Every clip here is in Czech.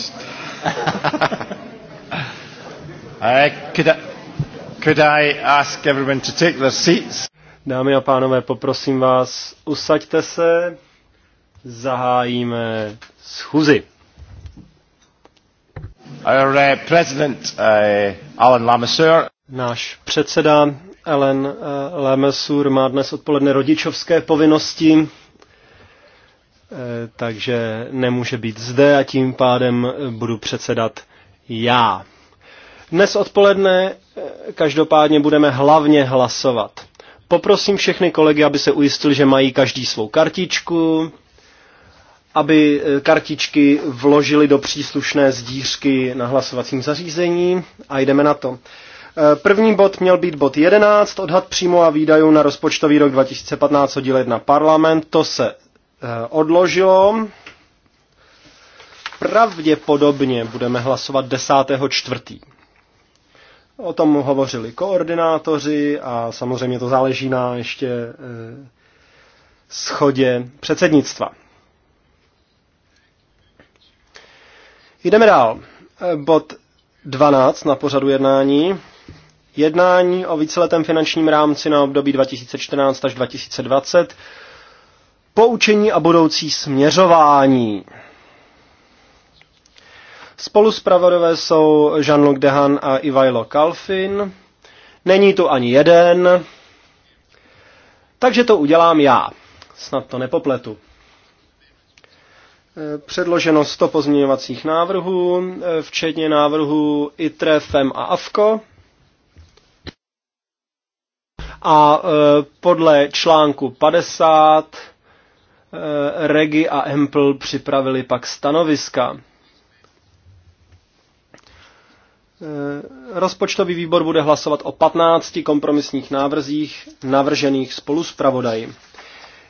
honest. uh, could, I, could I ask everyone to take their seats? Dámy a pánové, poprosím vás, usaďte se, zahájíme schůzi. Our uh, president, uh, Alan Lamasseur. Náš předseda Ellen uh, Lemesur má dnes odpoledne rodičovské povinnosti Eh, takže nemůže být zde a tím pádem budu předsedat já. Dnes odpoledne eh, každopádně budeme hlavně hlasovat. Poprosím všechny kolegy, aby se ujistili, že mají každý svou kartičku, aby eh, kartičky vložili do příslušné zdířky na hlasovacím zařízení a jdeme na to. První bod měl být bod 11, odhad příjmu a výdajů na rozpočtový rok 2015 oddíl 1 parlament, to se Eh, odložilo. Pravděpodobně budeme hlasovat 10. O tom hovořili koordinátoři a samozřejmě to záleží na ještě eh, schodě předsednictva. Jdeme dál. Eh, bod 12 na pořadu jednání. Jednání o víceletém finančním rámci na období 2014 až 2020 Poučení a budoucí směřování. Spolu zpravodové jsou Jean-Luc Dehan a Ivailo Kalfin. Není tu ani jeden, takže to udělám já. Snad to nepopletu. Eh, předloženo 100 pozměňovacích návrhů, eh, včetně návrhů ITRE, FEM a AFKO. A eh, podle článku 50 Eh, Regi a Empl připravili pak stanoviska. Eh, rozpočtový výbor bude hlasovat o 15 kompromisních návrzích navržených spolu s pravodají.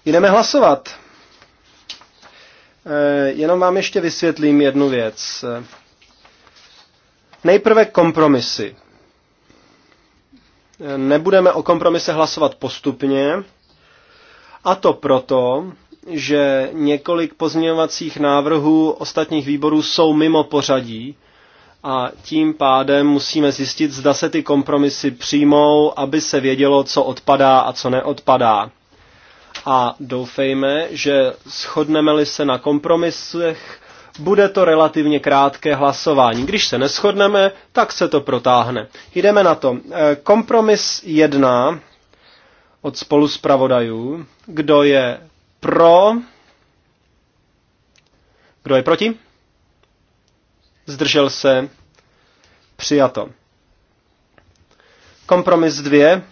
Jdeme hlasovat. Eh, jenom vám ještě vysvětlím jednu věc. Nejprve kompromisy. Nebudeme o kompromise hlasovat postupně, a to proto, že několik pozměňovacích návrhů ostatních výborů jsou mimo pořadí a tím pádem musíme zjistit, zda se ty kompromisy přijmou, aby se vědělo, co odpadá a co neodpadá. A doufejme, že shodneme-li se na kompromisech, bude to relativně krátké hlasování. Když se neschodneme, tak se to protáhne. Jdeme na to. E, kompromis 1 od spoluspravodajů. Kdo je pro? Kdo je proti? Zdržel se? Přijato. Kompromis 2. Eh,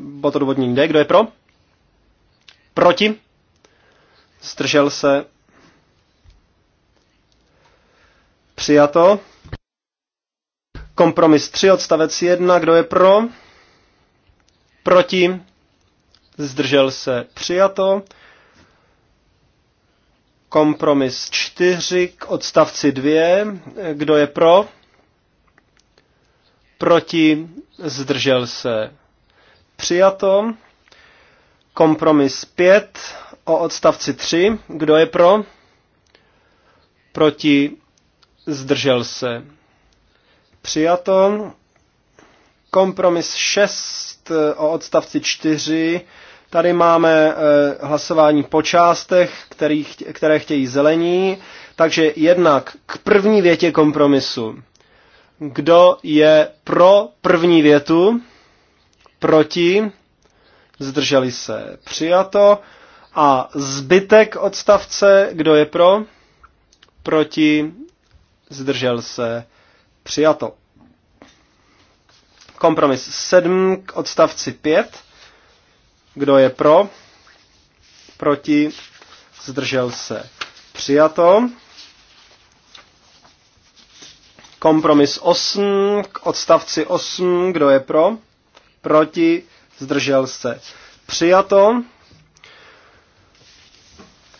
bod odvodní D. Kdo je pro? Proti? Zdržel se? Přijato. Kompromis 3 odstavec 1. Kdo je pro? Proti? zdržel se přijato. Kompromis 4 k odstavci 2, kdo je pro, proti, zdržel se přijato. Kompromis 5 o odstavci 3, kdo je pro, proti, zdržel se přijato. Kompromis 6 o odstavci 4, Tady máme eh, hlasování po částech, který, které chtějí zelení. Takže jednak k první větě kompromisu. Kdo je pro první větu? Proti? Zdrželi se. Přijato. A zbytek odstavce, kdo je pro? Proti? Zdržel se. Přijato. Kompromis 7 k odstavci 5. Kdo je pro? Proti? Zdržel se. Přijato. Kompromis 8 k odstavci 8. Kdo je pro? Proti? Zdržel se. Přijato.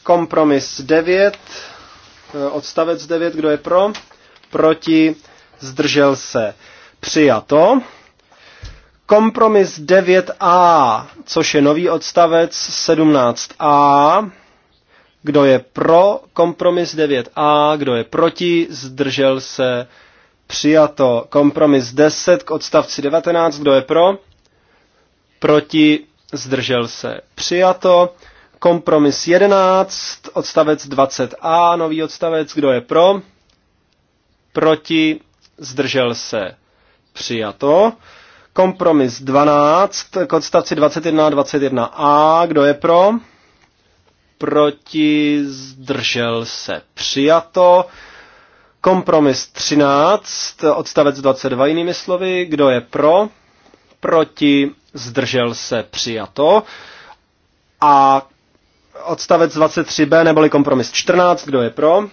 Kompromis 9. E, odstavec 9. Kdo je pro? Proti? Zdržel se. Přijato. Kompromis 9a, což je nový odstavec 17a. Kdo je pro kompromis 9a, kdo je proti, zdržel se přijato. Kompromis 10 k odstavci 19, kdo je pro, proti, zdržel se přijato. Kompromis 11, odstavec 20a, nový odstavec, kdo je pro, proti, zdržel se přijato. Kompromis 12 k odstavci 21 21a. Kdo je pro? Proti zdržel se přijato. Kompromis 13, odstavec 22 jinými slovy. Kdo je pro? Proti zdržel se přijato. A odstavec 23b neboli kompromis 14. Kdo je pro?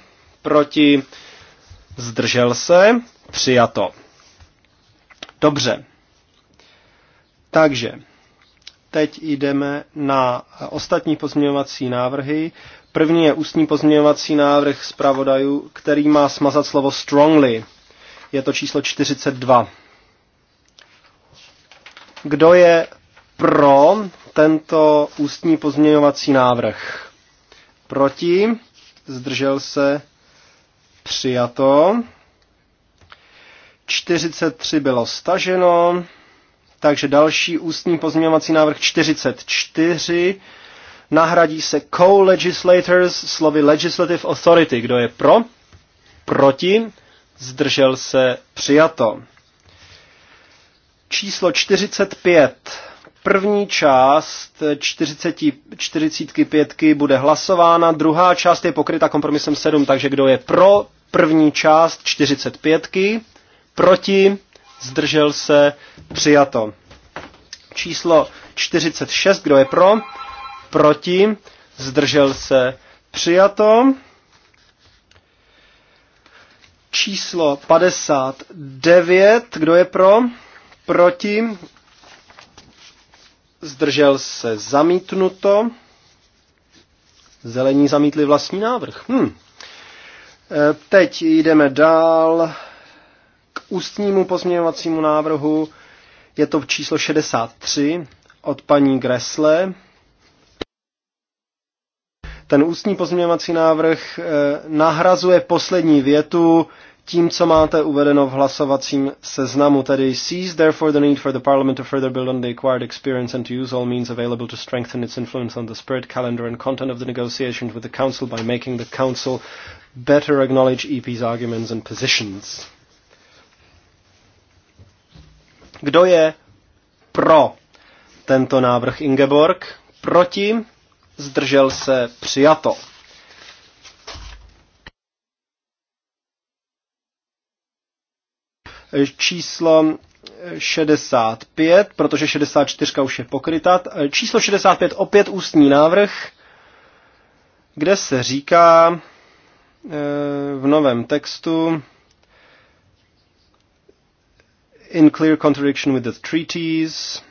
Proti zdržel se přijato. Dobře. Takže teď jdeme na ostatní pozměňovací návrhy. První je ústní pozměňovací návrh zpravodajů, který má smazat slovo strongly. Je to číslo 42. Kdo je pro tento ústní pozměňovací návrh? Proti? Zdržel se? Přijato. 43 bylo staženo. Takže další ústní pozměňovací návrh 44. Nahradí se co-legislators slovy legislative authority. Kdo je pro? Proti? Zdržel se přijato. Číslo 45. První část 40, 45 bude hlasována, druhá část je pokryta kompromisem 7, takže kdo je pro první část 45, proti, zdržel se, přijato. Číslo 46, kdo je pro, proti, zdržel se, přijato. Číslo 59, kdo je pro, proti, zdržel se, zamítnuto. Zelení zamítli vlastní návrh. Hm. E, teď jdeme dál ústnímu pozměňovacímu návrhu. Je to v číslo 63 od paní Gresle. Ten ústní pozměňovací návrh eh, nahrazuje poslední větu tím, co máte uvedeno v hlasovacím seznamu, tedy sees therefore the need for the parliament to further build on the acquired experience and to use all means available to strengthen its influence on the spirit, calendar and content of the negotiations with the council by making the council better acknowledge EP's arguments and positions. Kdo je pro tento návrh Ingeborg? Proti? Zdržel se přijato. Číslo 65, protože 64 už je pokrytá. Číslo 65, opět ústní návrh, kde se říká eh, v novém textu, in clear contradiction with the treaties,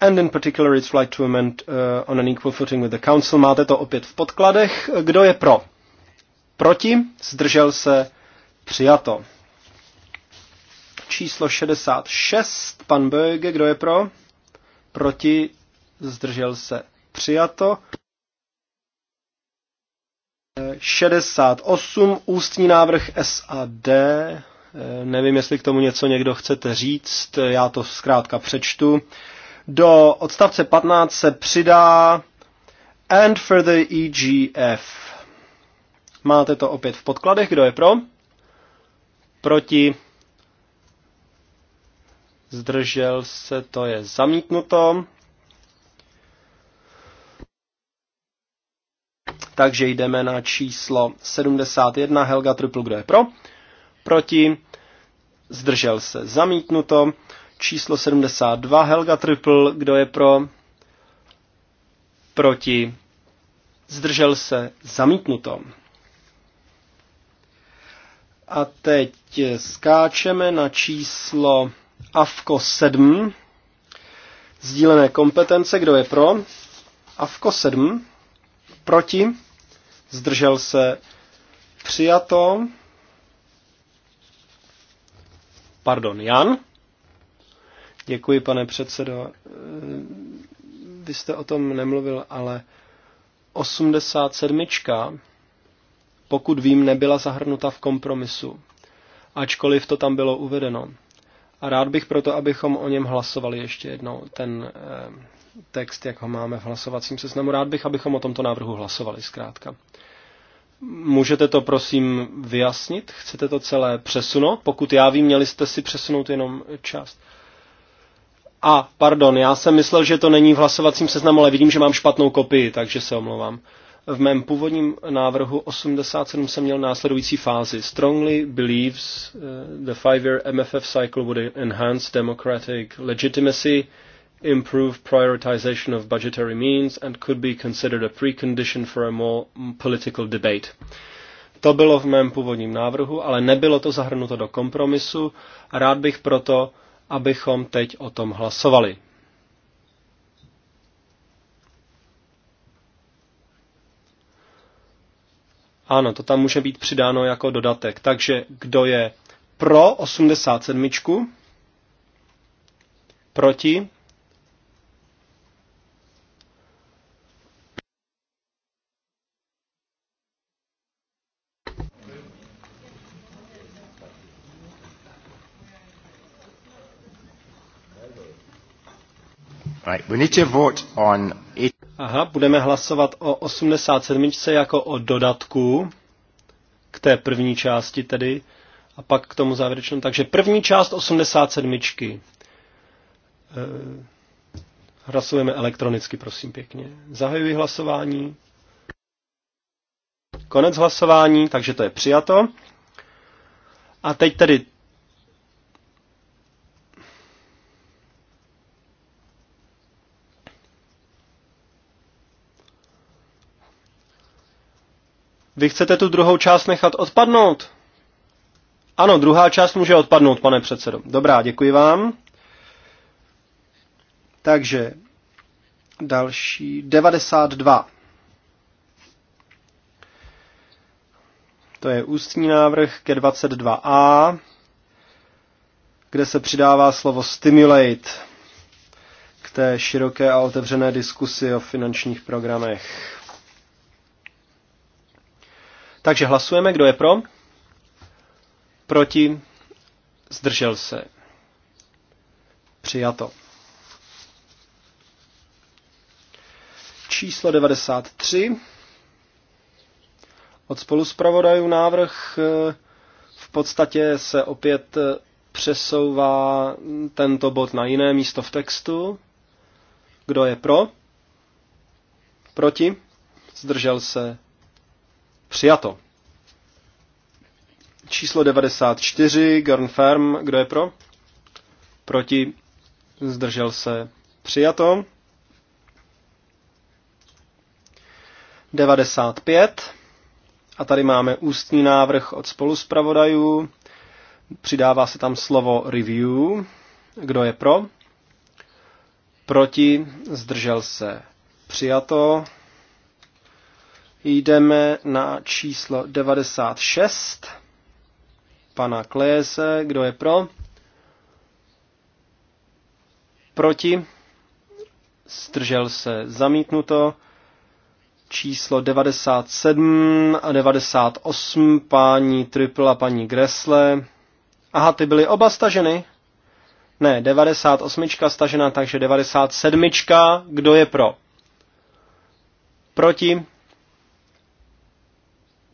and in particular its right to amend uh, on an equal footing with the council. Máte to opět v podkladech. Kdo je pro? Proti? Zdržel se? Přijato. Číslo 66, pan Böge, kdo je pro? Proti? Zdržel se? Přijato. 68, ústní návrh SAD. Eh, nevím, jestli k tomu něco někdo chcete říct, já to zkrátka přečtu. Do odstavce 15 se přidá and the EGF. Máte to opět v podkladech, kdo je pro? Proti? Zdržel se, to je zamítnuto. Takže jdeme na číslo 71, Helga Triple, kdo je pro? proti, zdržel se, zamítnuto. Číslo 72, Helga Triple, kdo je pro, proti, zdržel se, zamítnuto. A teď skáčeme na číslo AFKO 7, sdílené kompetence, kdo je pro, AFKO 7, proti, zdržel se, přijato, Pardon, Jan? Děkuji, pane předsedo. Vy jste o tom nemluvil, ale 87. pokud vím, nebyla zahrnuta v kompromisu, ačkoliv to tam bylo uvedeno. A rád bych proto, abychom o něm hlasovali ještě jednou, ten eh, text, jak ho máme v hlasovacím seznamu. Rád bych, abychom o tomto návrhu hlasovali zkrátka. Můžete to prosím vyjasnit? Chcete to celé přesunout? Pokud já vím, měli jste si přesunout jenom část. A, pardon, já jsem myslel, že to není v hlasovacím seznamu, ale vidím, že mám špatnou kopii, takže se omlouvám. V mém původním návrhu 87 jsem měl následující fázi. Strongly believes eh, the five-year MFF cycle would enhance democratic legitimacy improve prioritization of budgetary means and could be considered a precondition for a more political debate. To bylo v mém původním návrhu, ale nebylo to zahrnuto do kompromisu a rád bych proto, abychom teď o tom hlasovali. Ano, to tam může být přidáno jako dodatek. Takže kdo je pro 87? Proti? Aha, budeme hlasovat o 87. jako o dodatku k té první části tedy a pak k tomu závěrečnému. Takže první část 87. Eh, hlasujeme elektronicky, prosím pěkně. Zahajuji hlasování. Konec hlasování, takže to je přijato. A teď tedy Vy chcete tu druhou část nechat odpadnout? Ano, druhá část může odpadnout, pane předsedo. Dobrá, děkuji vám. Takže další 92. To je ústní návrh ke 22a, kde se přidává slovo stimulate k té široké a otevřené diskusi o finančních programech. Takže hlasujeme, kdo je pro, proti, zdržel se. Přijato. Číslo 93. Od spoluspravodajů návrh eh, v podstatě se opět eh, přesouvá tento bod na jiné místo v textu. Kdo je pro? Proti? Zdržel se? Přijato. Číslo 94, Garn Farm, kdo je pro? Proti, zdržel se. Přijato. 95. A tady máme ústní návrh od spoluspravodajů. Přidává se tam slovo review. Kdo je pro? Proti, zdržel se. Přijato. Jdeme na číslo 96 pana Kléze, Kdo je pro? Proti? Zdržel se zamítnuto. Číslo 97 a 98 paní Triple a paní Gressle. Aha, ty byly oba staženy? Ne, 98 stažena, takže 97. Kdo je pro? Proti?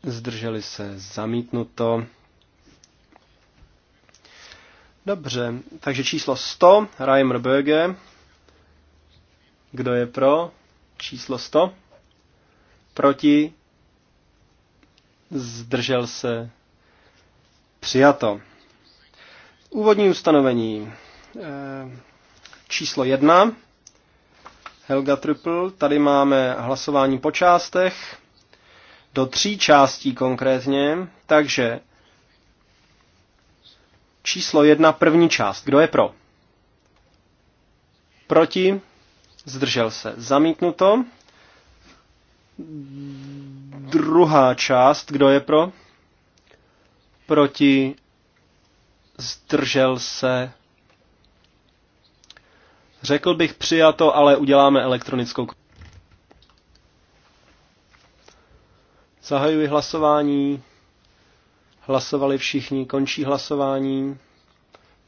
zdrželi se, zamítnuto. Dobře, takže číslo 100, Reimer Böge. Kdo je pro? Číslo 100. Proti? Zdržel se. Přijato. Úvodní ustanovení. Eh, číslo 1. Helga Triple. Tady máme hlasování po částech do tří částí konkrétně, takže číslo jedna, první část. Kdo je pro? Proti? Zdržel se. Zamítnuto. Druhá část. Kdo je pro? Proti? Zdržel se. Řekl bych přijato, ale uděláme elektronickou. Zahajuji hlasování. Hlasovali všichni, končí hlasování.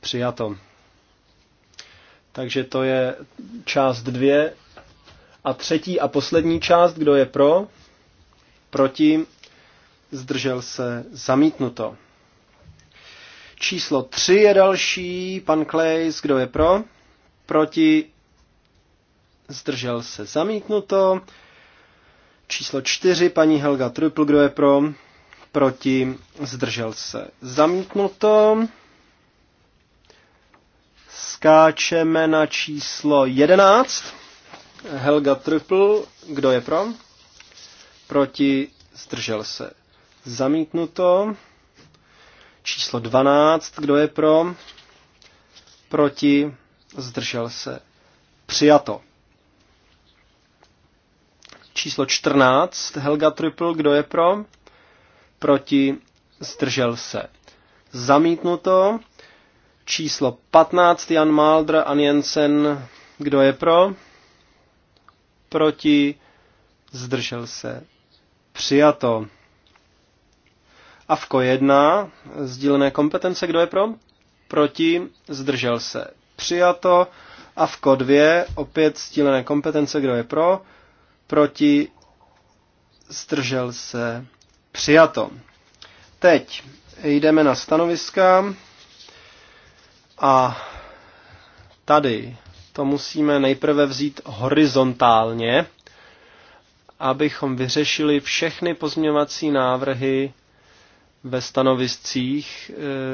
Přijato. Takže to je část dvě. A třetí a poslední část, kdo je pro? Proti? Zdržel se zamítnuto. Číslo tři je další. Pan Klejs, kdo je pro? Proti? Zdržel se zamítnuto. Číslo 4, paní Helga Trupl, kdo je pro? Proti, zdržel se. Zamítnuto. Skáčeme na číslo 11. Helga Trupl, kdo je pro? Proti, zdržel se. Zamítnuto. Číslo 12, kdo je pro? Proti, zdržel se. Přijato číslo 14, Helga Triple, kdo je pro? Proti, zdržel se. Zamítnuto. Číslo 15, Jan Maldr, An Jensen, kdo je pro? Proti, zdržel se. Přijato. Avko 1, sdílené kompetence, kdo je pro? Proti, zdržel se. Přijato. Avko 2, opět sdílené kompetence, kdo je pro? proti, zdržel se, přijato. Teď jdeme na stanoviska a tady to musíme nejprve vzít horizontálně, abychom vyřešili všechny pozměňovací návrhy ve stanoviscích,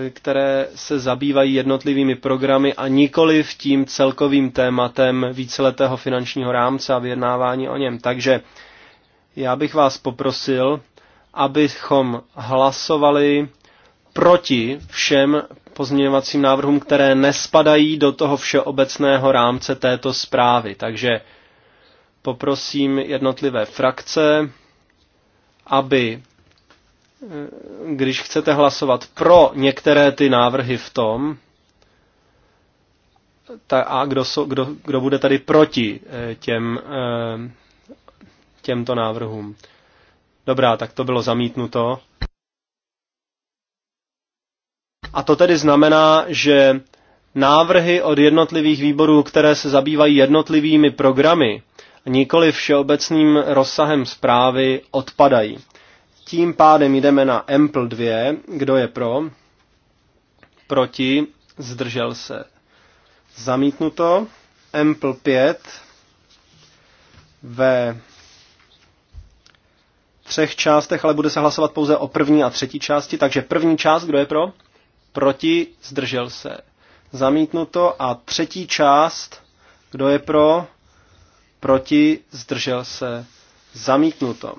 eh, které se zabývají jednotlivými programy a nikoli v tím celkovým tématem víceletého finančního rámce a vyjednávání o něm. Takže já bych vás poprosil, abychom hlasovali proti všem pozměňovacím návrhům, které nespadají do toho všeobecného rámce této zprávy. Takže poprosím jednotlivé frakce, aby když chcete hlasovat pro některé ty návrhy v tom, ta, a kdo, so, kdo, kdo bude tady proti eh, těm, eh, těmto návrhům. Dobrá, tak to bylo zamítnuto. A to tedy znamená, že návrhy od jednotlivých výborů, které se zabývají jednotlivými programy, nikoli všeobecným rozsahem zprávy, odpadají. Tím pádem jdeme na Ample 2. Kdo je pro? Proti? Zdržel se. Zamítnuto. Ample 5 ve třech částech, ale bude se hlasovat pouze o první a třetí části. Takže první část, kdo je pro? Proti? Zdržel se. Zamítnuto. A třetí část, kdo je pro? Proti? Zdržel se. Zamítnuto.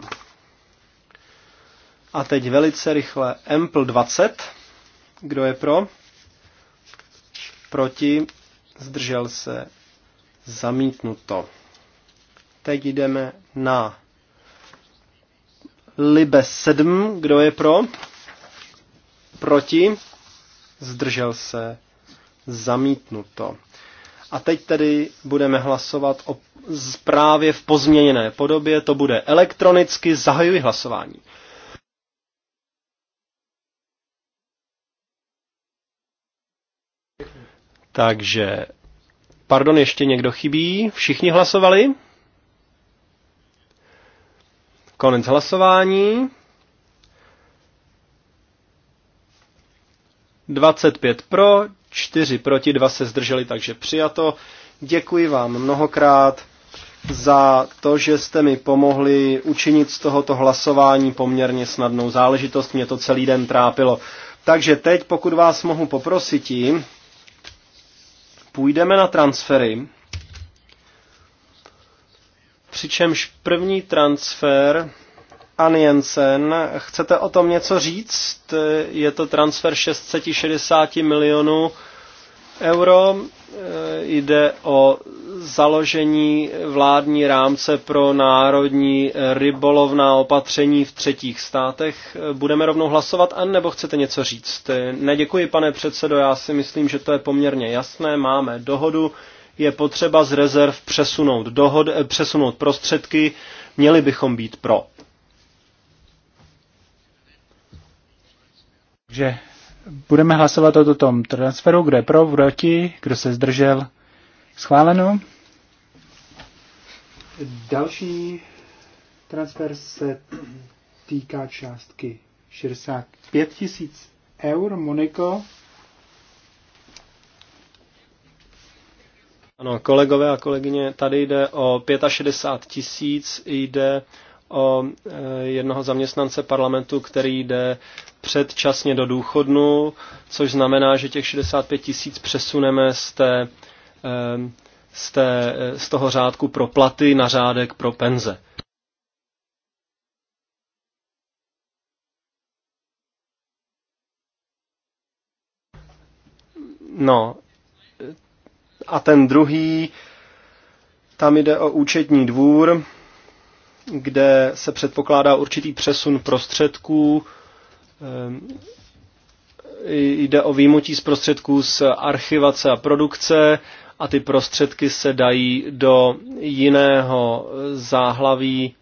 A teď velice rychle Ample 20. Kdo je pro? Proti? Zdržel se? Zamítnuto. Teď jdeme na Libe 7. Kdo je pro? Proti? Zdržel se? Zamítnuto. A teď tedy budeme hlasovat o zprávě v pozměněné podobě. To bude elektronicky. Zahajuji hlasování. Takže, pardon, ještě někdo chybí? Všichni hlasovali? Konec hlasování. 25 pro, 4 proti, 2 se zdrželi, takže přijato. Děkuji vám mnohokrát za to, že jste mi pomohli učinit z tohoto hlasování poměrně snadnou záležitost. Mě to celý den trápilo. Takže teď, pokud vás mohu poprosit, půjdeme na transfery, přičemž první transfer Ann Jensen, chcete o tom něco říct? Je to transfer 660 milionů euro. Eh, jde o založení vládní rámce pro národní rybolovná opatření v třetích státech. Budeme rovnou hlasovat, anebo chcete něco říct? Neděkuji, pane předsedo, já si myslím, že to je poměrně jasné. Máme dohodu, je potřeba z rezerv přesunout, dohod, eh, přesunout prostředky, měli bychom být pro. Takže Budeme hlasovat o tom transferu, kdo je pro, proti, kdo se zdržel. Schváleno. Další transfer se týká částky 65 tisíc eur. Moniko. Ano, kolegové a kolegyně, tady jde o 65 tisíc, jde o eh, jednoho zaměstnance parlamentu, který jde předčasně do důchodnu, což znamená, že těch 65 tisíc přesuneme z, té, eh, z, té, eh, z toho řádku pro platy na řádek pro penze. No, a ten druhý, tam jde o účetní dvůr, kde se předpokládá určitý přesun prostředků. Ehm, jde o výjimutí z prostředků z archivace a produkce a ty prostředky se dají do jiného záhlaví.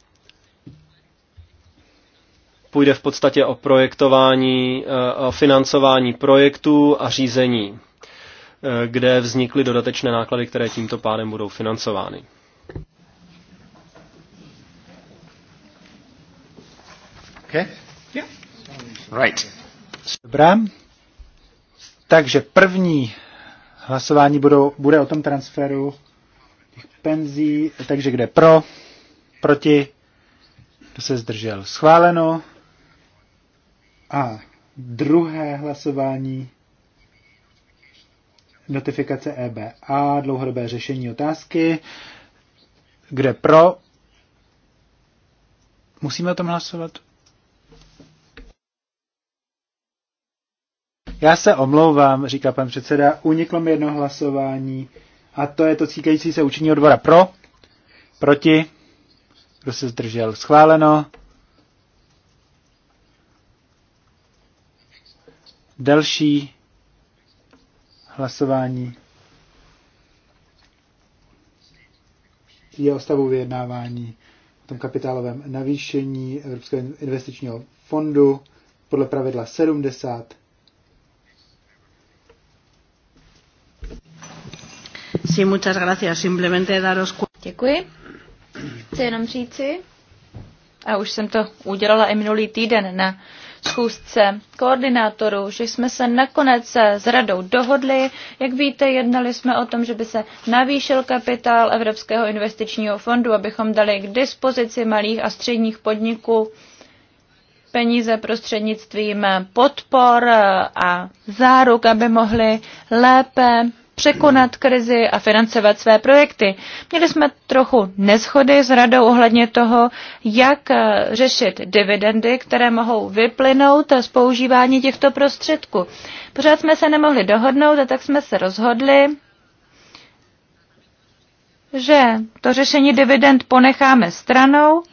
Půjde v podstatě o projektování, eh, o financování projektů a řízení, eh, kde vznikly dodatečné náklady, které tímto pádem budou financovány. Okay? Yeah. Right. Dobrá. Takže první hlasování budou, bude o tom transferu těch penzí, takže kde pro, proti, kdo se zdržel, schváleno. A druhé hlasování notifikace EBA, dlouhodobé řešení otázky, kde pro, musíme o tom hlasovat, Já se omlouvám, říká pan předseda, uniklo mi jedno hlasování a to je to cíkající se učení odbora pro, proti, kdo se zdržel, schváleno. Další hlasování je o stavu vyjednávání o tom kapitálovém navýšení Evropského investičního fondu podle pravidla 70 Sí, muchas gracias. Simplemente daros... Děkuji. Chci jenom říci, a už jsem to udělala i minulý týden na schůzce koordinátorů, že jsme se nakonec s radou dohodli. Jak víte, jednali jsme o tom, že by se navýšil kapitál Evropského investičního fondu, abychom dali k dispozici malých a středních podniků peníze prostřednictvím podpor a záruk, aby mohli lépe překonat krizi a financovat své projekty. Měli jsme trochu neschody s radou ohledně toho, jak eh, řešit dividendy, které mohou vyplynout z používání těchto prostředků. Pořád jsme se nemohli dohodnout a tak jsme se rozhodli, že to řešení dividend ponecháme stranou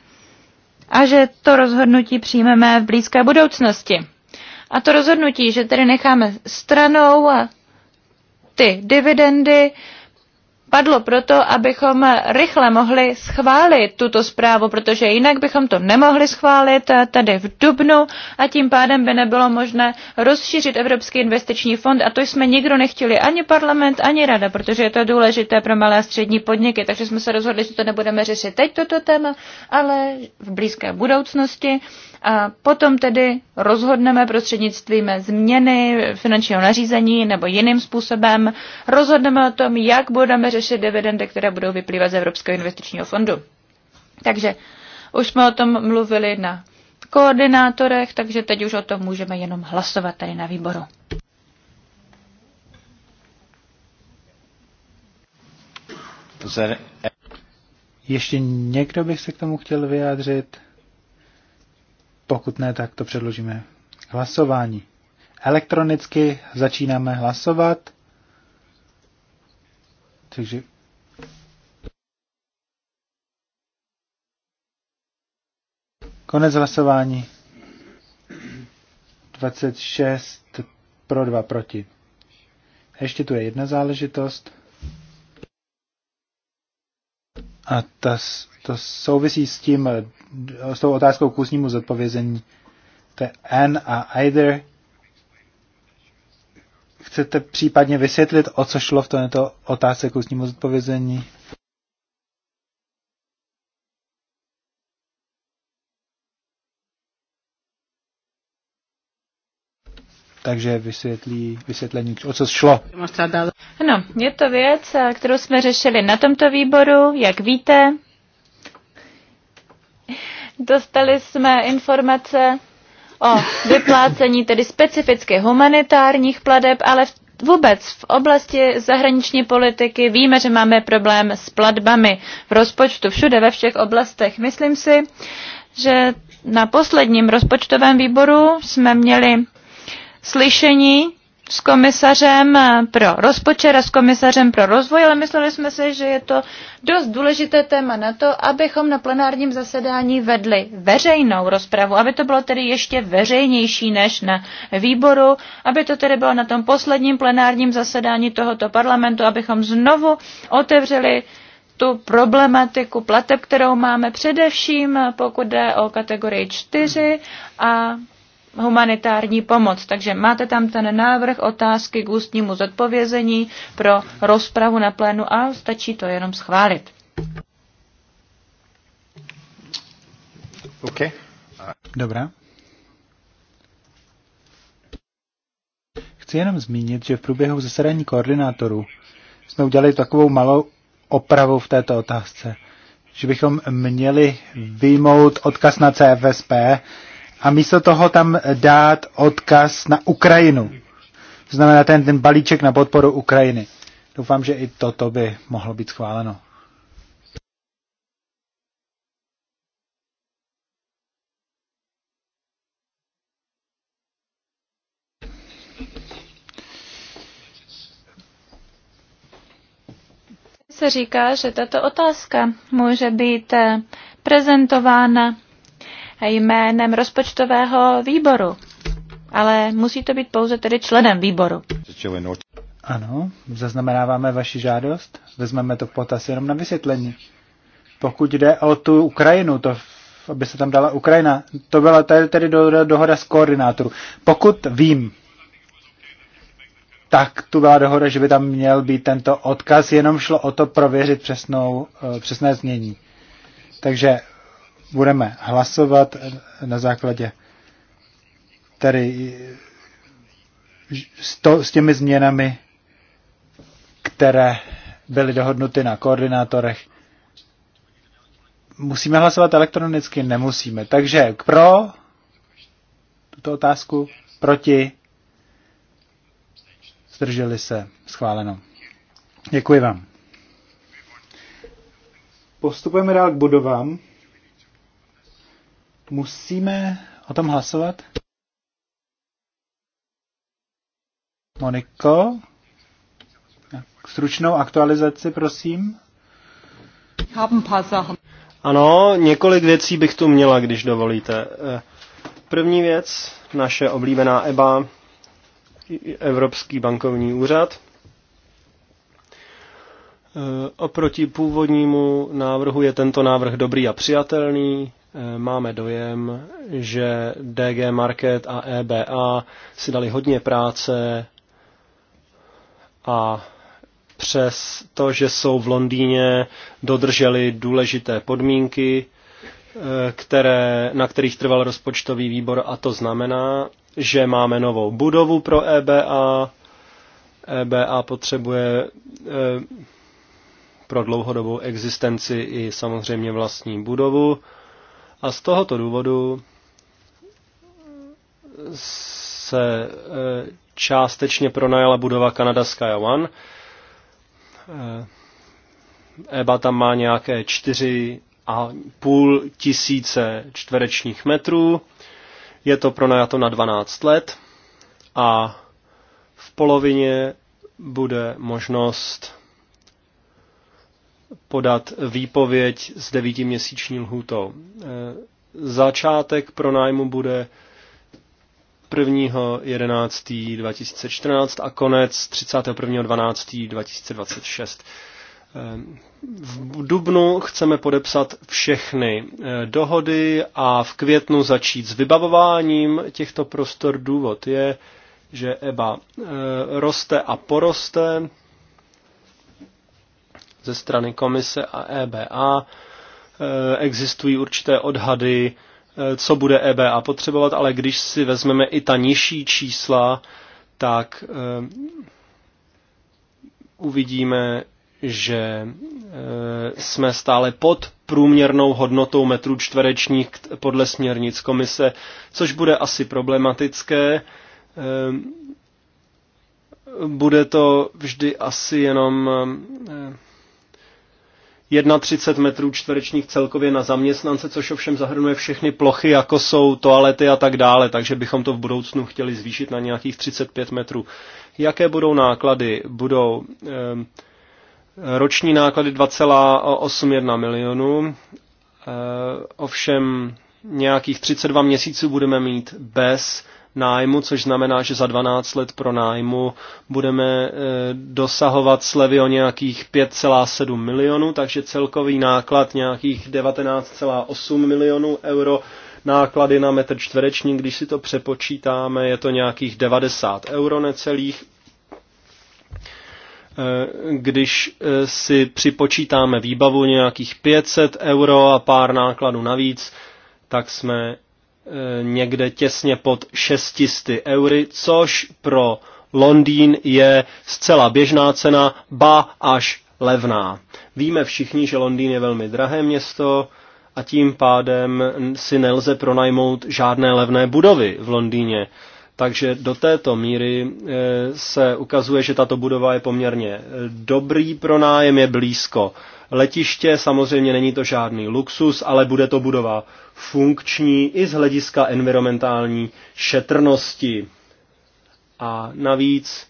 a že to rozhodnutí přijmeme v blízké budoucnosti. A to rozhodnutí, že tedy necháme stranou a ty dividendy padlo proto, abychom rychle mohli schválit tuto zprávu, protože jinak bychom to nemohli schválit eh, tady v Dubnu a tím pádem by nebylo možné rozšířit Evropský investiční fond a to jsme nikdo nechtěli, ani parlament, ani rada, protože je to důležité pro malé a střední podniky, takže jsme se rozhodli, že to nebudeme řešit teď toto téma, ale v blízké budoucnosti a potom tedy rozhodneme prostřednictvím změny finančního nařízení nebo jiným způsobem, rozhodneme o tom, jak budeme řešit dividendy, které budou vyplývat z Evropského investičního fondu. Takže už jsme o tom mluvili na koordinátorech, takže teď už o tom můžeme jenom hlasovat tady na výboru. Ještě někdo bych se k tomu chtěl vyjádřit? Pokud ne, tak to předložíme hlasování. Elektronicky začínáme hlasovat. Takže konec hlasování. 26 pro 2 proti. Ještě tu je jedna záležitost. A ta, to souvisí s tím, s tou otázkou k ústnímu zodpovězení. To je N a either. Chcete případně vysvětlit, o co šlo v této otázce k ústnímu zodpovězení? takže vysvětlí vysvětlení, o co šlo. Ano, je to věc, kterou jsme řešili na tomto výboru, jak víte. Dostali jsme informace o vyplácení tedy specificky humanitárních pladeb, ale v vůbec v oblasti zahraniční politiky víme, že máme problém s platbami v rozpočtu všude ve všech oblastech. Myslím si, že na posledním rozpočtovém výboru jsme měli slyšení s komisařem eh, pro rozpočet a s komisařem pro rozvoj, ale mysleli jsme si, že je to dost důležité téma na to, abychom na plenárním zasedání vedli veřejnou rozpravu, aby to bylo tedy ještě veřejnější než na výboru, aby to tedy bylo na tom posledním plenárním zasedání tohoto parlamentu, abychom znovu otevřeli tu problematiku plateb, kterou máme především, eh, pokud jde o kategorii 4 a humanitární pomoc. Takže máte tam ten návrh otázky k ústnímu zodpovězení pro rozpravu na plénu a stačí to jenom schválit. OK. Dobrá. Chci jenom zmínit, že v průběhu zasedání koordinátorů jsme udělali takovou malou opravu v této otázce, že bychom měli vyjmout odkaz na CFSP a místo toho tam dát odkaz na Ukrajinu. To znamená ten, ten balíček na podporu Ukrajiny. Doufám, že i toto by mohlo být schváleno. se říká, že tato otázka může být prezentována jménem rozpočtového výboru, ale musí to být pouze tedy členem výboru. Ano, zaznamenáváme vaši žádost, vezmeme to v potaz jenom na vysvětlení. Pokud jde o tu Ukrajinu, to aby se tam dala Ukrajina. To byla tady tedy do, do, dohoda s koordinátorů. Pokud vím, tak tu byla dohoda, že by tam měl být tento odkaz, jenom šlo o to prověřit přesnou, eh, přesné změní. Takže budeme hlasovat na základě tady s, to, s těmi změnami, které byly dohodnuty na koordinátorech. Musíme hlasovat elektronicky? Nemusíme. Takže pro tuto otázku, proti, zdrželi se, schváleno. Děkuji vám. Postupujeme dál k budovám. Musíme o tom hlasovat? Moniko, stručnou aktualizaci, prosím. Ano, několik věcí bych tu měla, když dovolíte. Eh, první věc, naše oblíbená EBA, Evropský bankovní úřad. Eh, oproti původnímu návrhu je tento návrh dobrý a přijatelný. Eh, máme dojem, že DG Market a EBA si dali hodně práce a přes to, že jsou v Londýně, dodrželi důležité podmínky, eh, které, na kterých trval rozpočtový výbor a to znamená, že máme novou budovu pro EBA. EBA potřebuje eh, pro dlouhodobou existenci i samozřejmě vlastní budovu a z tohoto důvodu se e, částečně pronajala budova Canada Sky One. EBA tam má nějaké čtyři a půl tisíce čtverečních metrů. Je to pronajato na 12 let a v polovině bude možnost podat výpověď s devítiměsíční lhůtou. E, začátek pronájmu bude 1.11.2014 a konec 31.12.2026. E, v dubnu chceme podepsat všechny e, dohody a v květnu začít s vybavováním těchto prostor. Důvod je, že EBA roste a poroste ze strany komise a EBA. E, existují určité odhady, e, co bude EBA potřebovat, ale když si vezmeme i ta nižší čísla, tak e, uvidíme, že jsme stále pod průměrnou hodnotou metrů čtverečních podle směrnic komise, což bude asi problematické. Bude to vždy asi jenom 31 metrů čtverečních celkově na zaměstnance, což ovšem zahrnuje všechny plochy, jako jsou toalety a tak dále, takže bychom to v budoucnu chtěli zvýšit na nějakých 35 metrů. Jaké budou náklady? Budou eh, roční náklady 2,81 milionů, eh, ovšem nějakých 32 měsíců budeme mít bez nájmu, což znamená, že za 12 let pro nájmu budeme eh, dosahovat slevy o nějakých 5,7 milionů, takže celkový náklad nějakých 19,8 milionů euro. Náklady na metr čtvereční, když si to přepočítáme, je to nějakých 90 euro necelých. Eh, když eh, si připočítáme výbavu nějakých 500 euro a pár nákladů navíc, tak jsme Eh, někde těsně pod 600 eury, což pro Londýn je zcela běžná cena, ba až levná. Víme všichni, že Londýn je velmi drahé město a tím pádem si nelze pronajmout žádné levné budovy v Londýně. Takže do této míry eh, se ukazuje, že tato budova je poměrně eh, dobrý pronájem, je blízko letiště, samozřejmě není to žádný luxus, ale bude to budova funkční i z hlediska environmentální šetrnosti. A navíc,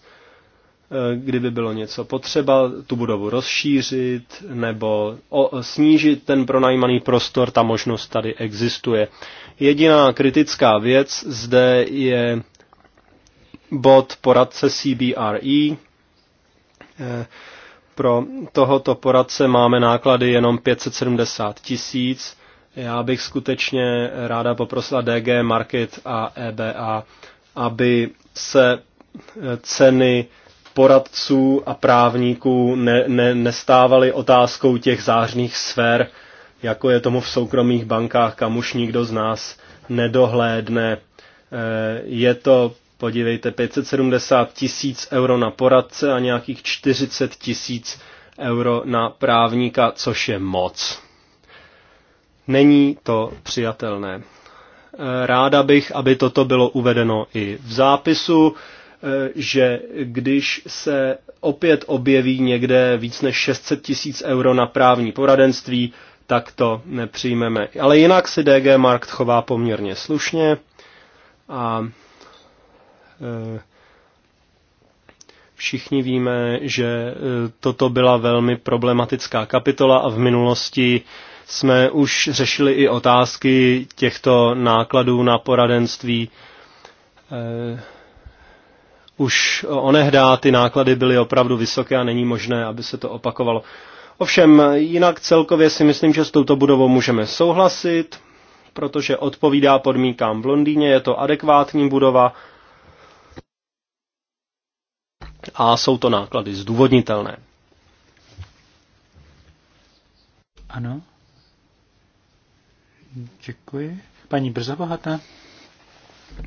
eh, kdyby bylo něco potřeba, tu budovu rozšířit nebo snížit ten pronajímaný prostor, ta možnost tady existuje. Jediná kritická věc zde je bod poradce CBRE. Eh, pro tohoto poradce máme náklady jenom 570 tisíc. Já bych skutečně ráda poprosila DG Market a EBA, aby se eh, ceny poradců a právníků ne, ne, nestávaly otázkou těch zářných sfér, jako je tomu v soukromých bankách, kam už nikdo z nás nedohlédne. Eh, je to Podívejte, 570 tisíc euro na poradce a nějakých 40 tisíc euro na právníka, což je moc. Není to přijatelné. E, ráda bych, aby toto bylo uvedeno i v zápisu, e, že když se opět objeví někde víc než 600 tisíc euro na právní poradenství, tak to nepřijmeme. Ale jinak si DG Markt chová poměrně slušně a Eh, všichni víme, že eh, toto byla velmi problematická kapitola a v minulosti jsme už řešili i otázky těchto nákladů na poradenství. Eh, už onehdá ty náklady byly opravdu vysoké a není možné, aby se to opakovalo. Ovšem, jinak celkově si myslím, že s touto budovou můžeme souhlasit, protože odpovídá podmínkám v Londýně, je to adekvátní budova, a jsou to náklady zdůvodnitelné. Ano. Děkuji. Paní Brzobohatá.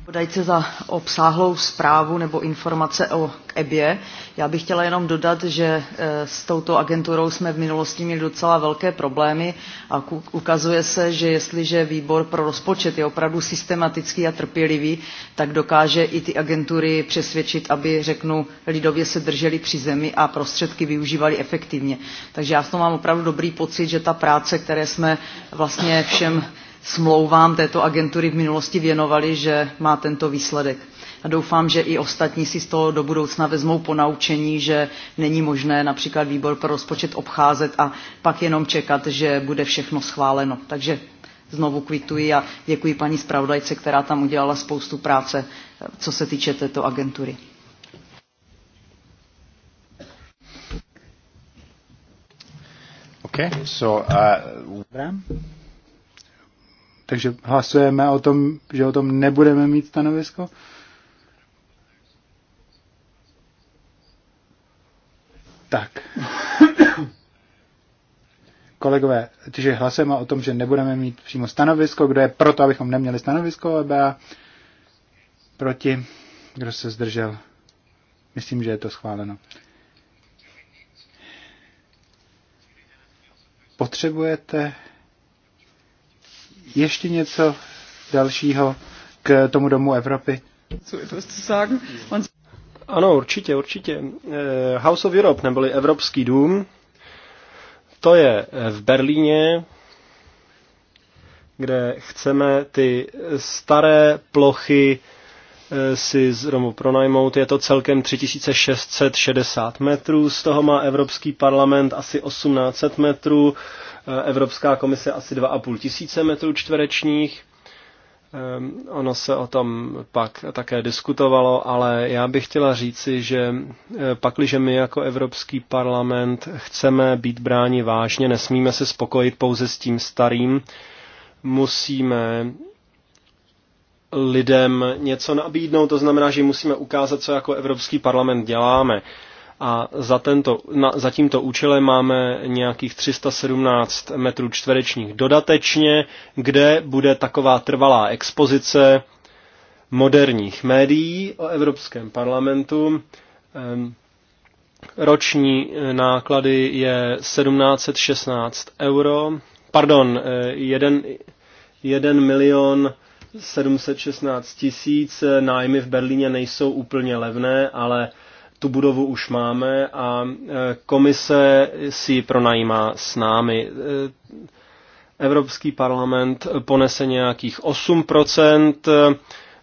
Podajte za obsáhlou zprávu nebo informace o EBě. E. Já bych chtěla jenom dodat, že eh, s touto agenturou jsme v minulosti měli docela velké problémy a ukazuje se, že jestliže výbor pro rozpočet je opravdu systematický a trpělivý, tak dokáže i ty agentury přesvědčit, aby, řeknu, lidově se drželi při zemi a prostředky využívali efektivně. Takže já s tom mám opravdu dobrý pocit, že ta práce, které jsme vlastně všem smlouvám této agentury v minulosti věnovali, že má tento výsledek. A doufám, že i ostatní si z toho do budoucna vezmou naučení, že není možné například výbor pro rozpočet obcházet a pak jenom čekat, že bude všechno schváleno. Takže znovu kvituji a děkuji paní zpravodajce, která tam udělala spoustu práce, co se týče této agentury. Okay, so, uh takže hlasujeme o tom, že o tom nebudeme mít stanovisko. Tak. Kolegové, takže hlasujeme o tom, že nebudeme mít přímo stanovisko. Kdo je proto, abychom neměli stanovisko EBA? Proti? Kdo se zdržel? Myslím, že je to schváleno. Potřebujete ještě něco dalšího k tomu domu Evropy? Ano, určitě, určitě. Eh, House of Europe, neboli Evropský dům, to je eh, v Berlíně, kde chceme ty staré plochy eh, si z Romu pronajmout. Je to celkem 3660 metrů, z toho má Evropský parlament asi 1800 metrů, Eh, Evropská komise asi 2,5 tisíce metrů čtverečních. Ehm, ono se o tom pak také diskutovalo, ale já bych chtěla říci, že eh, pakliže my jako Evropský parlament chceme být bráni vážně, nesmíme se spokojit pouze s tím starým, musíme lidem něco nabídnout, to znamená, že musíme ukázat, co jako Evropský parlament děláme a za, tento, na, za tímto účelem máme nějakých 317 metrů čtverečních dodatečně, kde bude taková trvalá expozice moderních médií o Evropském parlamentu. Ehm, roční eh, náklady je 1716 euro, pardon, 1, eh, 1 milion 716 tisíc, eh, nájmy v Berlíně nejsou úplně levné, ale tu budovu už máme a e, komise si ji pronajímá s námi. E, Evropský parlament ponese nějakých 8%, e,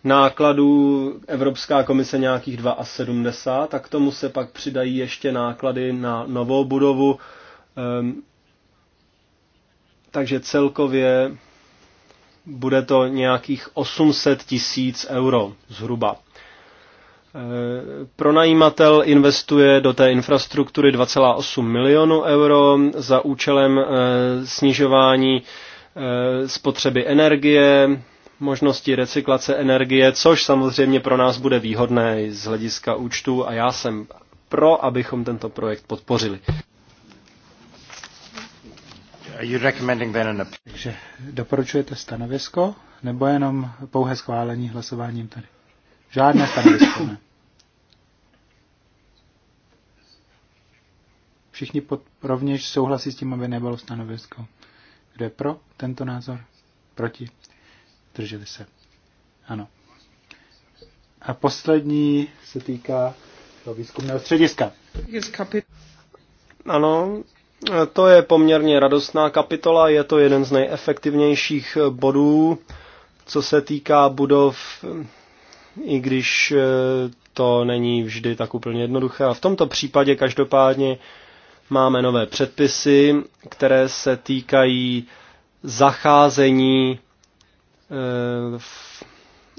nákladů Evropská komise nějakých 72 a k tomu se pak přidají ještě náklady na novou budovu. Ehm, takže celkově bude to nějakých 800 tisíc euro zhruba. Eh, pronajímatel investuje do té infrastruktury 2,8 milionu euro za účelem eh, snižování eh, spotřeby energie, možnosti recyklace energie, což samozřejmě pro nás bude výhodné z hlediska účtu a já jsem pro, abychom tento projekt podpořili. Takže doporučujete stanovisko nebo jenom pouhé schválení hlasováním tady? Žádné stanovisko ne. Všichni pod, rovněž souhlasí s tím, aby nebylo stanovisko. Kdo je pro tento názor? Proti? Drželi se. Ano. A poslední se týká výzkumného střediska. Ano, to je poměrně radostná kapitola, je to jeden z nejefektivnějších bodů, co se týká budov, i když to není vždy tak úplně jednoduché. A v tomto případě každopádně máme nové předpisy, které se týkají zacházení eh, v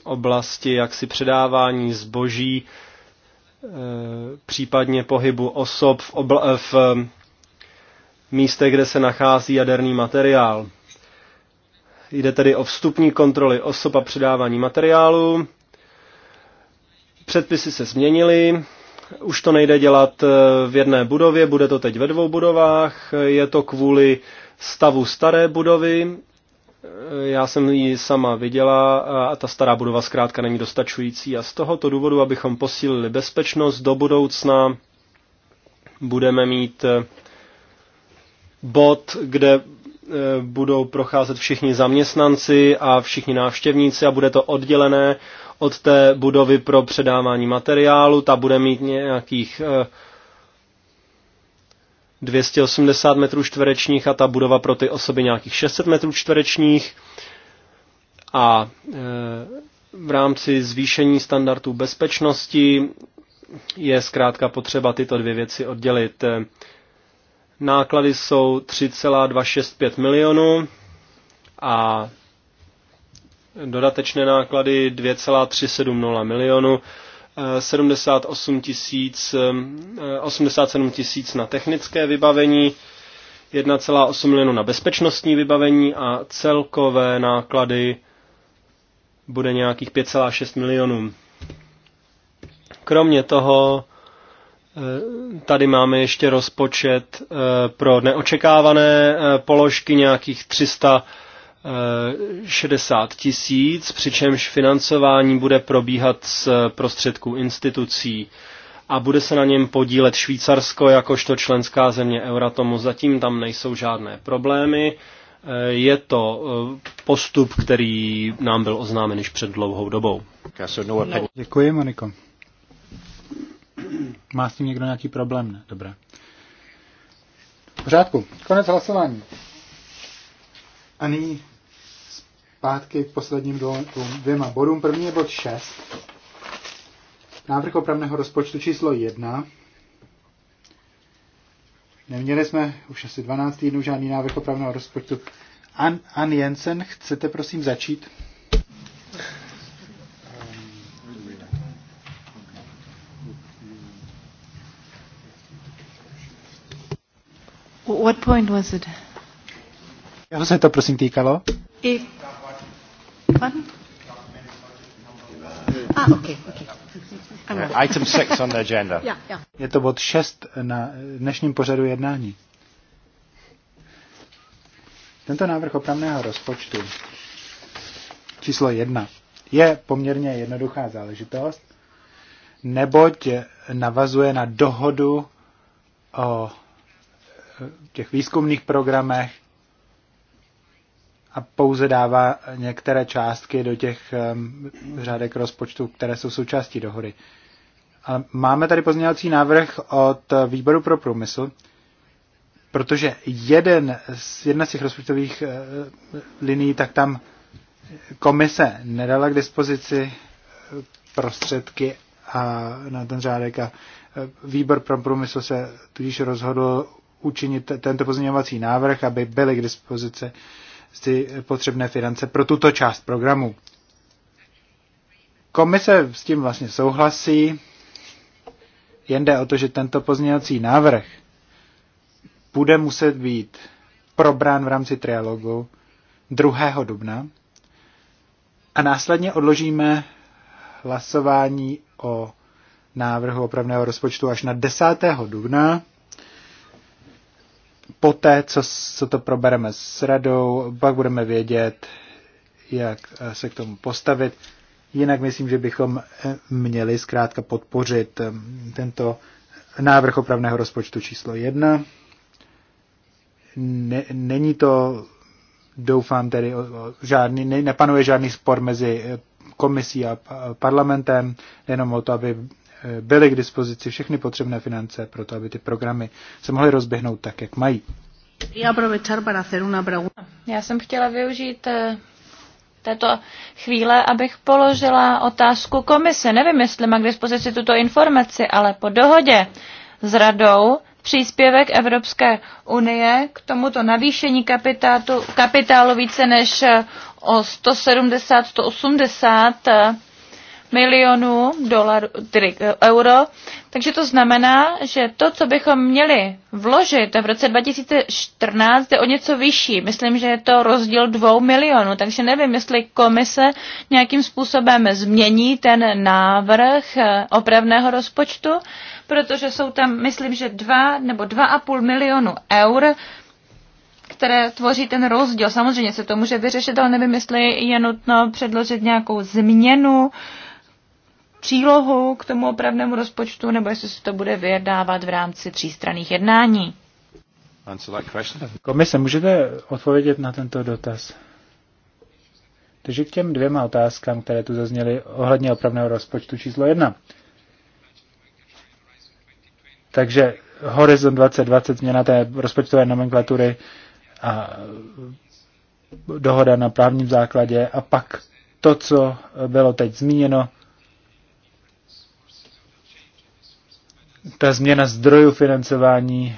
oblasti jaksi předávání zboží, eh, případně pohybu osob v, obla- eh, v místech, kde se nachází jaderný materiál. Jde tedy o vstupní kontroly osob a předávání materiálu. Předpisy se změnily, už to nejde dělat eh, v jedné budově, bude to teď ve dvou budovách, je to kvůli stavu staré budovy. Eh, já jsem ji sama viděla a ta stará budova zkrátka není dostačující a z tohoto důvodu, abychom posílili bezpečnost do budoucna, budeme mít eh, bod, kde budou procházet všichni zaměstnanci a všichni návštěvníci a bude to oddělené od té budovy pro předávání materiálu. Ta bude mít nějakých 280 eh, metrů čtverečních a ta budova pro ty osoby nějakých 600 metrů čtverečních. A eh, v rámci zvýšení standardů bezpečnosti je zkrátka potřeba tyto dvě věci oddělit. Náklady jsou 3,265 milionů a dodatečné náklady 2,370 milionu, 78 eh, tisíc, 87 eh, tisíc na technické vybavení, 1,8 milionu na bezpečnostní vybavení a celkové náklady bude nějakých 5,6 milionů. Kromě toho eh, tady máme ještě rozpočet pro neočekávané položky nějakých 300 60 tisíc, přičemž financování bude probíhat z prostředků institucí a bude se na něm podílet Švýcarsko jakožto členská země Euratomu. Zatím tam nejsou žádné problémy. Eh, je to eh, postup, který nám byl oznámen již před dlouhou dobou. Děkuji, Moniko. Má s tím někdo nějaký problém? Ne? Dobré. V pořádku. Konec hlasování. A nyní zpátky k posledním dvou, dvěma bodům. První je bod 6. Návrh opravného rozpočtu číslo 1. Neměli jsme už asi 12 týdnů žádný návrh opravného rozpočtu. An, An Jensen, chcete prosím začít? What point was it? Jeho se to prosím týkalo? If Pardon? Ah, hmm. okay, okay. Item six on the agenda. Yeah, yeah. Je to bod 6 na dnešním pořadu jednání. Tento návrh opravného rozpočtu číslo jedna je poměrně jednoduchá záležitost, neboť navazuje na dohodu o těch výzkumných programech a pouze dává některé částky do těch řádek rozpočtu, které jsou součástí dohody. Ale máme tady pozměňovací návrh od výboru pro průmysl, protože jeden z, jedna z těch rozpočtových eh, liní, tak tam komise nedala k dispozici eh, prostředky a na ten řádek a eh, výbor pro průmysl se tudíž rozhodl učinit tento pozměňovací návrh, aby byly k dispozici ty potřebné finance pro tuto část programu. Komise s tím vlastně souhlasí, jen jde o to, že tento pozměňovací návrh bude muset být probrán v rámci trialogu 2. dubna a následně odložíme hlasování o návrhu opravného rozpočtu až na 10. dubna poté, co, co to probereme s radou, pak budeme vědět, jak eh, se k tomu postavit. Jinak myslím, že bychom eh, měli zkrátka podpořit eh, tento návrh opravného rozpočtu číslo jedna. Ne, není to, doufám tedy, žádný, ne, nepanuje žádný spor mezi komisí a parlamentem, jenom o to, aby byly k dispozici všechny potřebné finance pro to, aby ty programy se mohly rozběhnout tak, jak mají. Já jsem chtěla využít eh, této chvíle, abych položila otázku komise. Nevím, jestli má k dispozici tuto informaci, ale po dohodě s radou příspěvek Evropské unie k tomuto navýšení kapitálu, kapitálu více než eh, o 170-180 milionů dolarů, tedy eh, euro. Takže to znamená, že to, co bychom měli vložit v roce 2014, je o něco vyšší. Myslím, že je to rozdíl dvou milionů, takže nevím, jestli komise nějakým způsobem změní ten návrh eh, opravného rozpočtu, protože jsou tam, myslím, že dva nebo dva a půl milionu eur, které tvoří ten rozdíl. Samozřejmě se to může vyřešit, ale nevím, jestli je nutno předložit nějakou změnu přílohu k tomu opravnému rozpočtu, nebo jestli se to bude vyjednávat v rámci třístranných jednání. Komise, můžete odpovědět na tento dotaz? Takže k těm dvěma otázkám, které tu zazněly ohledně opravného rozpočtu číslo jedna. Takže Horizon 2020, změna té rozpočtové nomenklatury a dohoda na právním základě a pak to, co bylo teď zmíněno ta změna zdrojů financování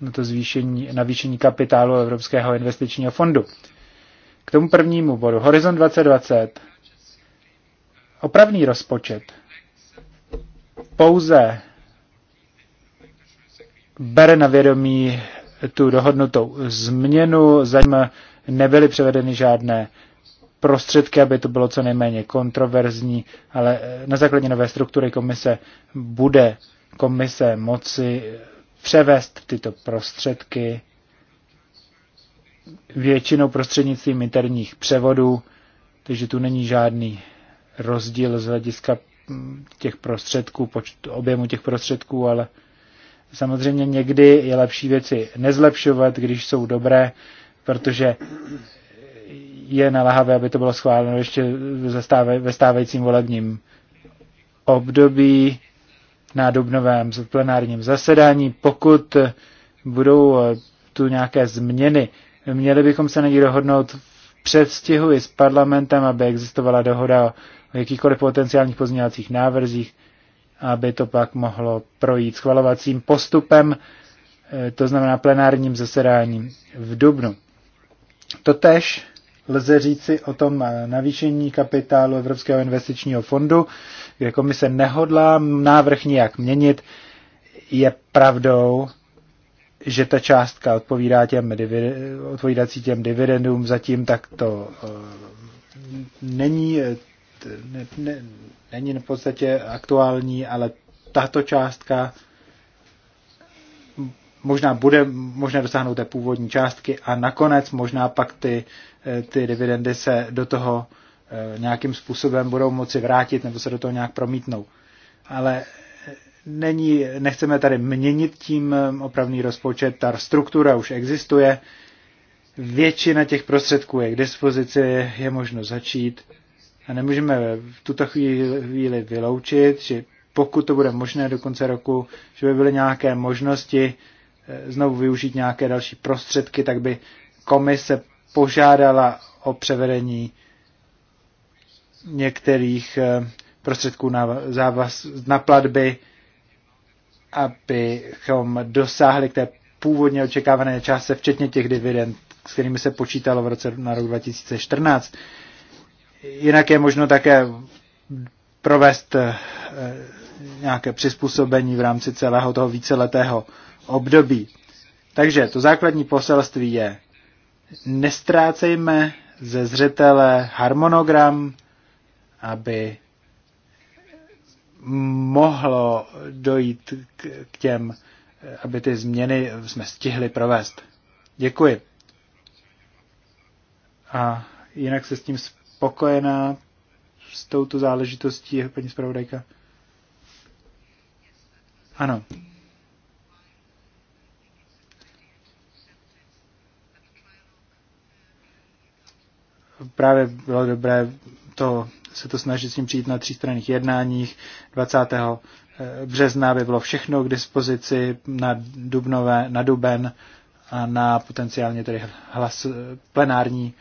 na no to zvýšení, navýšení kapitálu Evropského investičního fondu. K tomu prvnímu bodu. Horizon 2020. Opravný rozpočet pouze bere na vědomí tu dohodnutou změnu, zatím nebyly převedeny žádné prostředky, aby to bylo co nejméně kontroverzní, ale na základě nové struktury komise bude komise moci převést tyto prostředky většinou prostřednictvím interních převodů, takže tu není žádný rozdíl z hlediska těch prostředků, počtu, objemu těch prostředků, ale samozřejmě někdy je lepší věci nezlepšovat, když jsou dobré, protože je naléhavé, aby to bylo schváleno ještě ve stávajícím volebním období na dubnovém plenárním zasedání, pokud budou eh, tu nějaké změny. Měli bychom se na ní dohodnout v předstihu i s parlamentem, aby existovala dohoda o jakýchkoliv potenciálních pozměňovacích návrzích, aby to pak mohlo projít schvalovacím postupem, eh, to znamená plenárním zasedáním v Dubnu. Totež lze říci o tom eh, navýšení kapitálu Evropského investičního fondu, kde komise nehodlá návrh nijak měnit. Je pravdou, že ta částka odpovídá těm odpovídací těm dividendům, zatím tak to eh, není, eh, ne, ne, není v podstatě aktuální, ale tato částka možná bude možné dosáhnout té původní částky a nakonec možná pak ty, eh, ty dividendy se do toho eh, nějakým způsobem budou moci vrátit nebo se do toho nějak promítnou. Ale eh, není, nechceme tady měnit tím opravný rozpočet, ta struktura už existuje, většina těch prostředků je k dispozici, je možno začít a nemůžeme v tuto chvíli vyloučit, že pokud to bude možné do konce roku, že by byly nějaké možnosti Eh, znovu využít nějaké další prostředky, tak by komise požádala o převedení některých eh, prostředků na, závaz, na platby, abychom dosáhli k té původně očekávané částce, včetně těch dividend, s kterými se počítalo v roce na rok 2014. Jinak je možno také provést eh, nějaké přizpůsobení v rámci celého toho víceletého období. Takže to základní poselství je, nestrácejme ze zřetele harmonogram, aby mohlo dojít k těm, aby ty změny jsme stihli provést. Děkuji. A jinak se s tím spokojená s touto záležitostí, paní zpravodajka? Ano, právě bylo dobré to, se to snažit s ním přijít na třístranných jednáních. 20. Eh, března by bylo všechno k dispozici na, dubnové, na duben a na potenciálně tedy hlas, plenární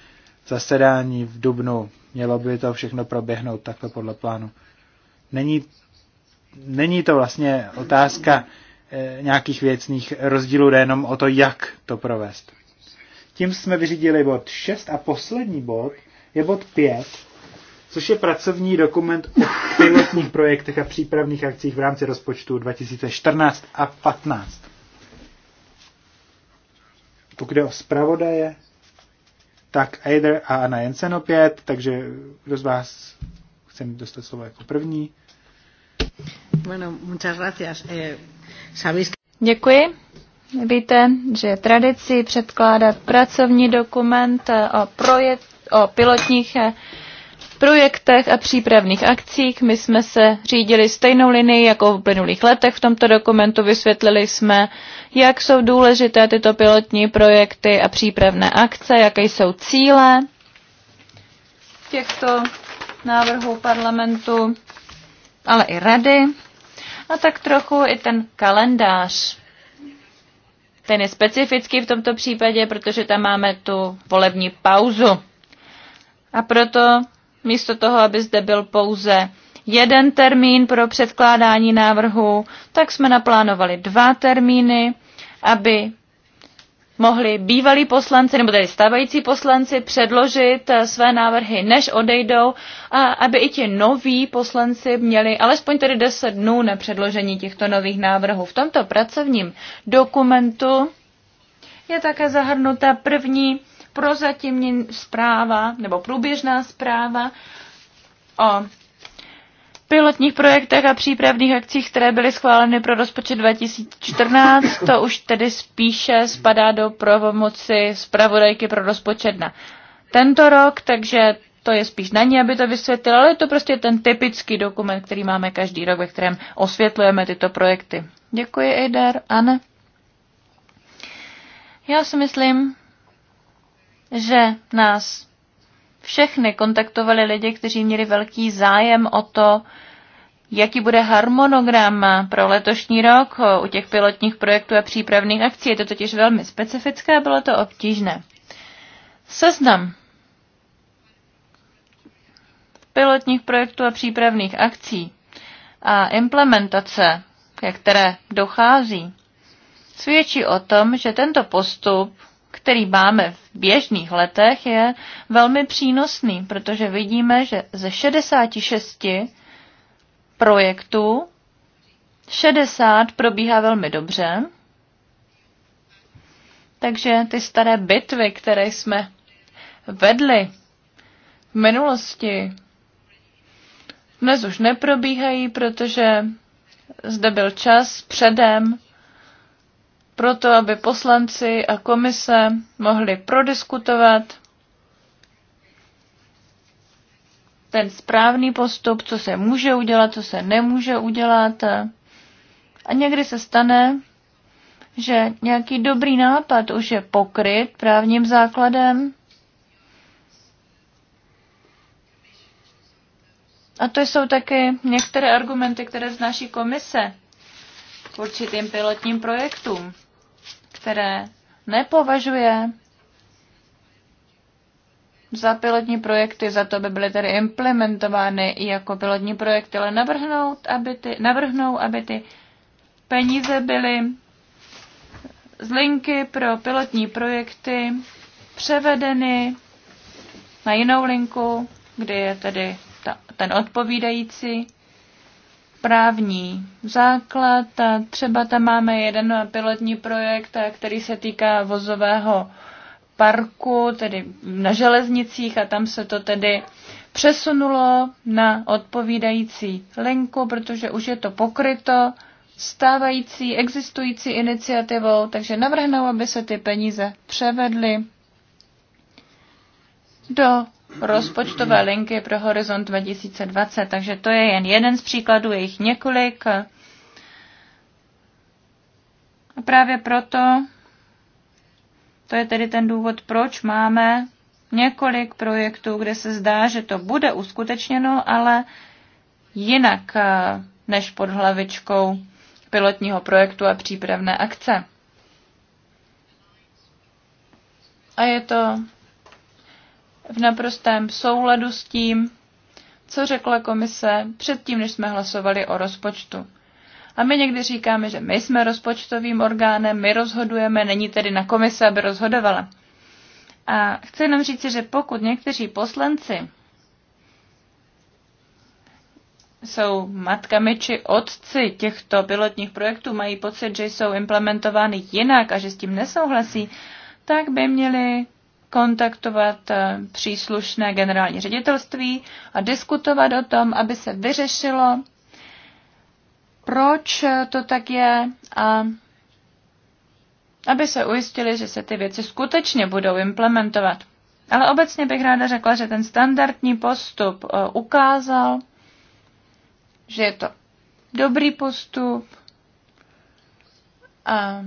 zasedání v dubnu. Mělo by to všechno proběhnout takhle podle plánu. Není, není to vlastně otázka eh, nějakých věcných rozdílů, jde jenom o to, jak to provést. Tím jsme vyřídili bod 6 a poslední bod je bod 5, což je pracovní dokument o pilotních projektech a přípravných akcích v rámci rozpočtu 2014 a 15. Pokud jde o zpravodaje, tak Eider a Anna Jensen opět, takže kdo z vás chce mít dostat slovo jako první? Bueno, muchas gracias. Eh, sabéis... Děkuji. Víte, že je tradicí předkládat pracovní dokument o, projek- o pilotních eh, projektech a přípravných akcích. My jsme se řídili stejnou linii jako v plynulých letech. V tomto dokumentu vysvětlili jsme, jak jsou důležité tyto pilotní projekty a přípravné akce, jaké jsou cíle těchto návrhů parlamentu, ale i rady a tak trochu i ten kalendář ten je specifický v tomto případě, protože tam máme tu volební pauzu. A proto místo toho, aby zde byl pouze jeden termín pro předkládání návrhu, tak jsme naplánovali dva termíny, aby mohli bývalí poslanci, nebo tedy stávající poslanci, předložit eh, své návrhy, než odejdou, a aby i ti noví poslanci měli alespoň tedy 10 dnů na předložení těchto nových návrhů. V tomto pracovním dokumentu je také zahrnuta první prozatímní zpráva nebo průběžná zpráva o pilotních projektech a přípravných akcích, které byly schváleny pro rozpočet 2014, to už tedy spíše spadá do pravomoci zpravodajky pro rozpočet na tento rok, takže to je spíš na ní, aby to vysvětlila, ale je to prostě ten typický dokument, který máme každý rok, ve kterém osvětlujeme tyto projekty. Děkuji, Eider. Anne? Já si myslím, že nás všechny kontaktovali lidi, kteří měli velký zájem o to, jaký bude harmonogram pro letošní rok u těch pilotních projektů a přípravných akcí. Je to totiž velmi specifické a bylo to obtížné. Seznam pilotních projektů a přípravných akcí a implementace, ke které dochází, svědčí o tom, že tento postup který máme v běžných letech, je velmi přínosný, protože vidíme, že ze 66 projektů 60 probíhá velmi dobře. Takže ty staré bitvy, které jsme vedli v minulosti, dnes už neprobíhají, protože zde byl čas předem proto aby poslanci a komise mohli prodiskutovat ten správný postup, co se může udělat, co se nemůže udělat. A někdy se stane, že nějaký dobrý nápad už je pokryt právním základem. A to jsou taky některé argumenty, které znáší komise k určitým pilotním projektům které nepovažuje za pilotní projekty, za to, aby byly tedy implementovány i jako pilotní projekty, ale navrhnout, aby ty, navrhnou, aby ty peníze byly z linky pro pilotní projekty převedeny na jinou linku, kde je tedy ta, ten odpovídající právní základ. Třeba tam máme jeden pilotní projekt, který se týká vozového parku, tedy na železnicích a tam se to tedy přesunulo na odpovídající linku, protože už je to pokryto stávající, existující iniciativou, takže navrhnou, aby se ty peníze převedly do rozpočtové linky pro Horizont 2020. Takže to je jen jeden z příkladů, je jich několik. A právě proto, to je tedy ten důvod, proč máme několik projektů, kde se zdá, že to bude uskutečněno, ale jinak eh, než pod hlavičkou pilotního projektu a přípravné akce. A je to v naprostém souladu s tím, co řekla komise předtím, než jsme hlasovali o rozpočtu. A my někdy říkáme, že my jsme rozpočtovým orgánem, my rozhodujeme, není tedy na komise, aby rozhodovala. A chci jenom říct, že pokud někteří poslanci jsou matkami či otci těchto pilotních projektů, mají pocit, že jsou implementovány jinak a že s tím nesouhlasí, tak by měli kontaktovat eh, příslušné generální ředitelství a diskutovat o tom, aby se vyřešilo, proč to tak je a aby se ujistili, že se ty věci skutečně budou implementovat. Ale obecně bych ráda řekla, že ten standardní postup eh, ukázal, že je to dobrý postup a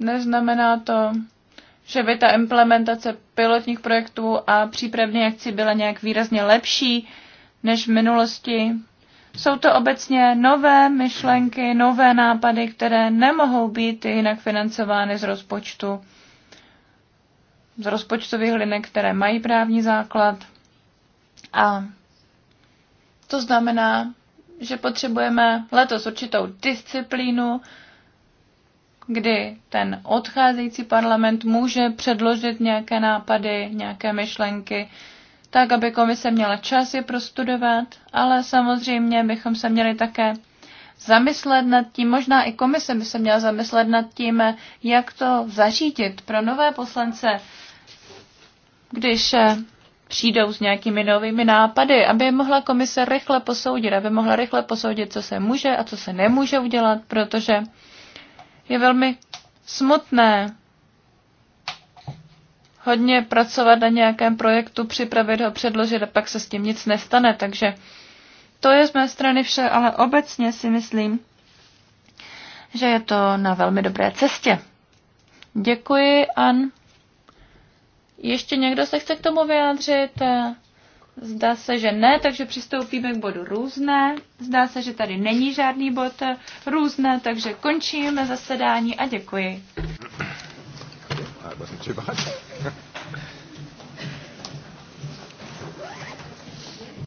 Neznamená to, že by ta implementace pilotních projektů a přípravní akci byla nějak výrazně lepší než v minulosti. Jsou to obecně nové myšlenky, nové nápady, které nemohou být jinak financovány z rozpočtu, z rozpočtových linek, které mají právní základ. A to znamená, že potřebujeme letos určitou disciplínu, kdy ten odcházející parlament může předložit nějaké nápady, nějaké myšlenky, tak aby komise měla čas je prostudovat, ale samozřejmě bychom se měli také zamyslet nad tím, možná i komise by se měla zamyslet nad tím, jak to zařídit pro nové poslance, když eh, přijdou s nějakými novými nápady, aby mohla komise rychle posoudit, aby mohla rychle posoudit, co se může a co se nemůže udělat, protože je velmi smutné hodně pracovat na nějakém projektu, připravit ho, předložit a pak se s tím nic nestane. Takže to je z mé strany vše, ale obecně si myslím, že je to na velmi dobré cestě. Děkuji, An. Ještě někdo se chce k tomu vyjádřit? Zdá se, že ne, takže přistoupíme k bodu různé. Zdá se, že tady není žádný bod různé, takže končíme zasedání a děkuji.